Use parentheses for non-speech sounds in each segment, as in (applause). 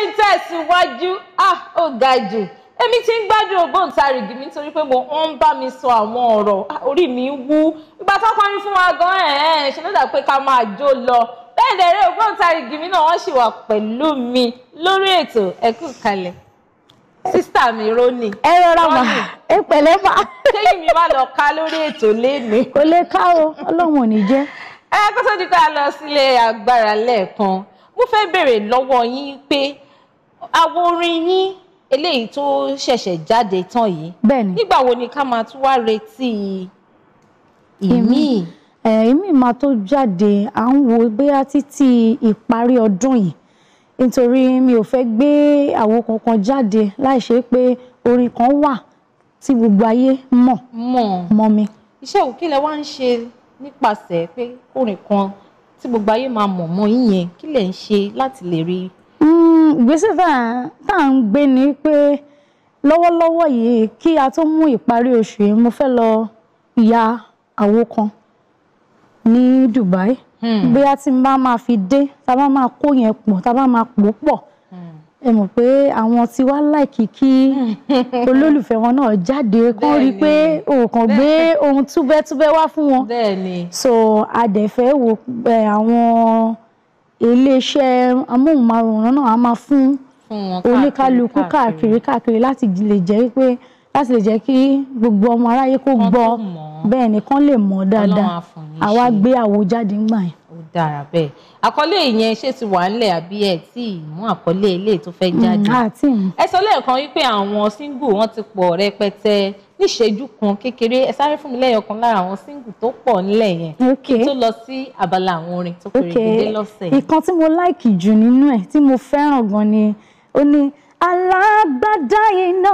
ṣì ń tẹ̀síwájú ah ó ga jù èmi ti ń gbádùn ògbóǹtarìgì mi nítorí pé mo ń bá mi sọ àwọn ọ̀rọ̀ ah, orí mi wú ìgbà tó kọrin fún wa gan ẹ̀ ẹ̀ ṣe ló dà pé ká máa jó lọ bẹ́ẹ̀ dẹ̀rẹ́ ògbóǹtarìgì mi náà wọ́n sì wà pẹ̀lú mi lórí ètò ẹ̀kú kalẹ̀ sísítà mi Rónì. ẹ rọra mà ẹ pẹ̀lẹ́ mà. kéyìn mi má lọ ká lórí ètò lénìí. kò lè ká o Ọlọ́run ò ní jẹ́. ẹ kó tó di pé a lọ sílé agbára lẹ́ẹ̀kan mo fẹ́ béèrè lọ́wọ́ yín pé àwo orin yín eléyìí tó ṣẹ̀ṣẹ̀ jáde tán yìí bẹ́ẹ̀ni nígbà wo ni ká máa tún wá retí ìmí ìmí máa tó jáde à ń wo bóyá títí ìparí ọdún yìí nítorí mi ò fẹ́ gbé àwo kankan jáde láì ṣe pé orin kan wà tí gbogbo ayé mọ̀ mọ́ mi. iṣẹ́ òkè lẹ wá ń ṣe nípasẹ̀ pé orin kan tí gbogbo ayé máa mọ̀ mọ́ yín yẹn kí lẹ̀ ń ṣe láti lè rí ìgbésẹ̀ tá à ń gbé ni pé lọ́wọ́lọ́wọ́ yìí kí a tó mú ìparí oṣù yìí mo fẹ́ lọ ya àwo kan ní Dubai hmm. bóyá tí n bá máa fi dé tá bá máa kó yẹn pọ̀ tá bá máa pò pọ̀ hmm. ẹ mọ̀ pé àwọn tí wá láìkì kí (laughs) olólùfẹ́ wọn náà jáde kán rí i pé òòkàn gbé ohun túbẹ́túbẹ́ wá fún wọn so a dẹ̀ fẹ́ wo àwọn. Eh, iléeṣẹ́ amóhùnmáwòrán náà á máa fún oníkálukú káàkiri káàkiri láti lè jẹ́ pé láti lè jẹ́ kí gbogbo ọmọ aráyé kó gbọ́ bẹ́ẹ̀ ni lè mọ̀ dáadáa àwa gbé àwo ńgbà yẹn dára bẹ́ẹ̀ àkọlé ìyẹn ṣé ti wà ńlẹ̀ àbí ẹ̀ tí ìmú àkọlé ilé tó fẹ́ mm, jáde ẹ sọ lẹ́ẹ̀kan wípé àwọn single wọn ti pọ̀ rẹpẹtẹ níṣẹ́jú kan kékeré ẹ sáré fún mi lẹ́yọ̀kan lára àwọn single tó pọ̀ nílẹ̀ yẹn tó lọ sí abala àwọn orin tó péré dédé lọ́sẹ̀. ìkan tí mo láìkì jù nínú ẹ̀ tí mo fẹ́ràn gan ni ó ní alágbádá iná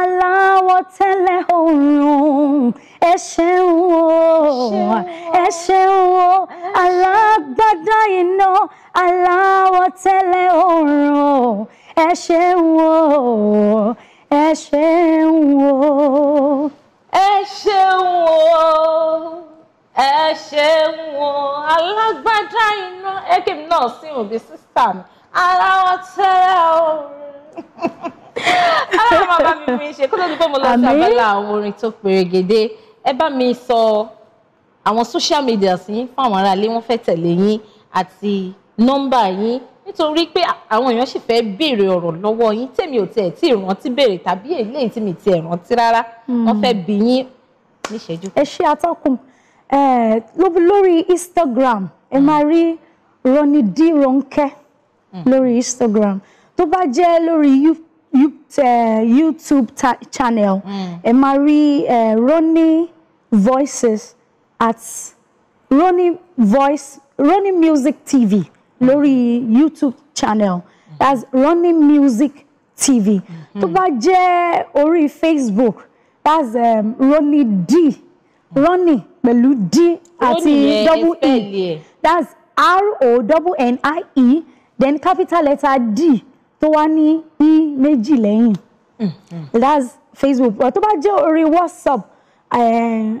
aláwọ̀ tẹ́lẹ̀ òòrùn ẹ ṣeun o ẹ ṣeun o aláwọ̀ agbádá iná aláwọ̀ tẹ́lẹ̀ òòrùn ẹ ṣe ń wò ẹ ṣe ń wò. ẹ ṣe ń wò ẹ ṣe ń wò alágbádá iná ẹkẹ mi náà sì hàn bí sísá mi aláwọ̀ tẹ́lẹ̀ òòrùn (laughs) aláwọ̀ máa bá mi fi ṣe kó tó di pé mo lọ sí abala àwọn orin tó pèrègèdè ẹ bá mi sọ. So, àwọn social media yín fáwọn aráalé wọ́n fẹ́ tẹ̀lé yín àti nọ́mbà yín nítorí pé àwọn èèyàn sì fẹ́ béèrè ọ̀rọ̀ lọ́wọ́ yín tèmi ò tiẹ̀ tí ìrántí béèrè tàbí eléyìí tí mi tiẹ̀ rántí rárá hmm. wọ́n fẹ́ bi yín níṣẹ́jú. ẹ ṣe atọ́kùn lórí Instagram ẹ máa rí Ronke. Hmm. lórí Instagram tó bá jẹ́ lórí YouTube channel hmm. ẹ máa rí Ronnie Voices at Ronnie voice Ronnie music tv lórí youtube channel that's Ronnie music tv tó bá jẹ́ orí facebook that's um, Ronnie d Ronnie pẹ̀lú d ati double e that's r o double n i e then capital letter d tó wá ní e meji lẹ́yìn mm, mm. that's facebook tó bá jẹ́ orí whatsapp. Uh,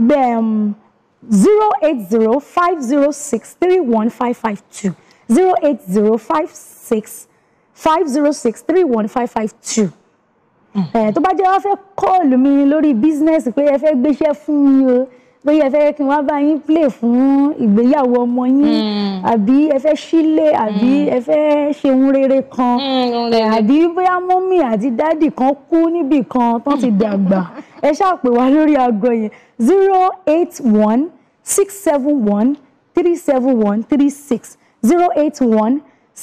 zero eight zero five zero six three one five five two zero eight zero five six five zero six three one five five two hmm. tó bá jẹ́ wá fẹ́ kọ́ọ̀lù mi lórí bísínẹ́sì pé ẹ fẹ́ gbéṣẹ́ fún mi o pé ẹ fẹ́ kí n wá bá yín play fún ìgbéyàwó ọmọ yín hmm. àbí ẹ fẹ́ sílé àbí hmm. ẹ fẹ́ ṣe ohun rere kan hmm, àbí bóyá mọ́mì àti dádì kan kú níbì kan tó ti dàgbà ẹ ṣáà pè wá lórí aago yẹn zero eight one six seven one three seven one three six zero eight one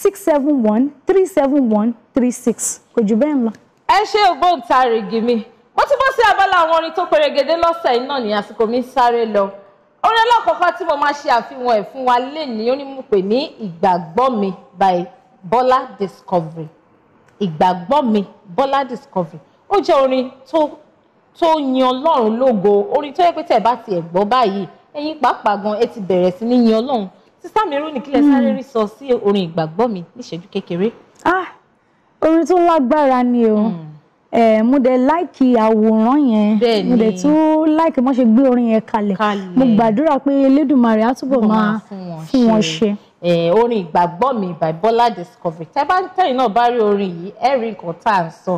six seven one three seven one three six kò jù bẹ́ẹ̀ lọ. ẹ ṣé ògbóǹtarìgì mi bó tún bọ́ sí abala àwọn orin tó perégedé lọ́sẹ̀ yìí náà ní àsìkò mi sáré lọ orin alákọ̀ọ́kọ́ tí mo máa ṣe àfihàn ẹ̀ fún wa lénìí ó ní mo pè ní ìgbàgbọ́ mi by bola Discovery ìgbàgbọ́ mi Bọ́lá Discovery ó jẹ́ orin tó tó yin Ọlọ́run lógo orin tó yẹ pé tẹ̀ bá tiẹ̀ gbọ́ báyìí ẹ̀yin pàápàá gan ẹ ti bẹ̀rẹ̀ sí ní yin Ọlọ́run sísá mi rú nìkílẹ̀ hmm. sáré rí sọ sí orin ìgbàgbọ́ mi níṣẹ́jú kékeré. ah orin tó lágbára ni o. Mm Eh, mo dẹ̀ láìkì àwòrán yẹn mo dẹ̀ tún láìkì mo ṣe gbé orin yẹn kalẹ̀ mo gbàdúrà pé Elédùmarè á túbọ̀ máa fún wọn ṣe. Eh, orin ìgbàgbọ́ mi by Bola Discovery tẹ́bátẹ́yìn náà bá rí orin yìí ẹ rí nǹkan tá à ń sọ.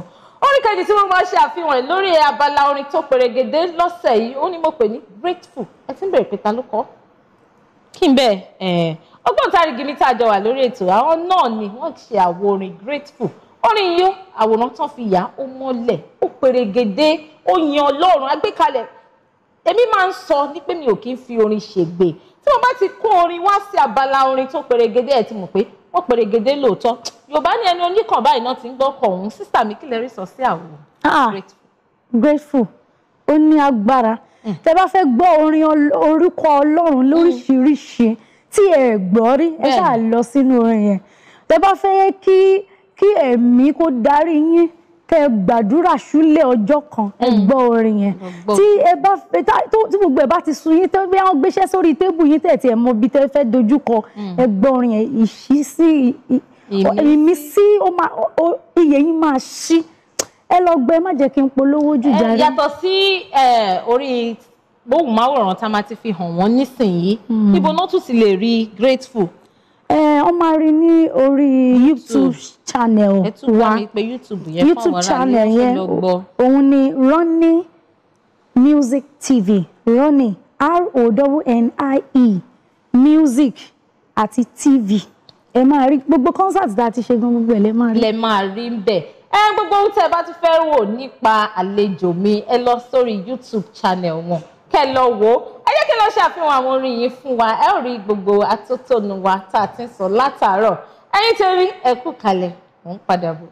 orin kejì tí wọ́n máa ṣe àfihàn lórí abala orin tó perégedé lọ́sẹ̀ yìí ó ní mo pè ní grateful ẹ ti ń bèrè pé ta ló kọ. kí n bẹ́ẹ̀ eh, ọgbọ́n tárígi mi tá a jọ wà lórí ètò àwọn náà ni wọ́n ṣe àwo orin grateful orin yìí àwòrán tán fi yà ó mọ́lẹ̀ ó perégedé ó yin ọlọ́run agbékalẹ̀ èmi máa ń sọ ní pé mi ò kí ń fi orin ṣègbè tí mo bá ti kó orin wá sí abala orin tó perégedé ẹ̀ ti mọ̀ pé wọ́n perégedé lóòótọ́ yorùbá ní ẹni oníkàn báyìí náà ti ń gbọ́ ọkọ̀ òun sísà mi kí lè rí sọ sí àwọn. Ah, grateful ó ní agbára hmm. tẹ bá fẹ́ gbọ́ orin orúkọ ọlọ́run hmm. lóríṣiríṣi tí ẹ gbọ́ rí ẹ ṣáà lọ sínú orin yẹn tẹ bá fẹ́ kí kí ẹ̀mí kó darí yín kẹ gbàdúrà ṣúlẹ̀ ọjọ́ kan ẹ hmm. gbọ́ orin yẹn tí ẹ bá tí gbogbo ẹ bá ti sun yín tẹ́wọ́n bí wọ́n gbéṣẹ́ sórí tébù yín tẹ̀tí ẹ̀ mọ bí tẹ́ fẹ́ dojúkọ hmm. ẹ orin yẹn ìṣísí ìmísí iye yín máa ṣí ẹ lọ gbẹ má jẹ́ kí n polówó jù jàre. yàtọ̀ sí orí bóhùnmáwòrán tá a máa ti fi hàn wọ́n nísìnyí níbo hmm. náà tún ti lè rí grateful wọ́n máa rí ní orí YouTube channel wa YouTube channel yẹn òun ni Ronny Music TV Ronny R-O-N-N-I-E Music àti TV ẹ máa rí gbogbo concert tá a ti ṣe gan gbogbo ẹ lẹ máa rí. lẹ máa rí ń bẹ ẹ gbogbo ohun tẹ bá ti fẹ́ wò nípa àlejò mi ẹ lọ sórí YouTube channel wọn kẹ́ lọ wò ó jẹ́ kí lọ ṣàfihàn àwọn orin yìí fún wa ẹ ó rí gbogbo atótónu wa tá a ti ń sọ látàárọ̀ ẹ̀yin tẹ́rí ẹ kú kalẹ̀ mò ń padà bọ̀.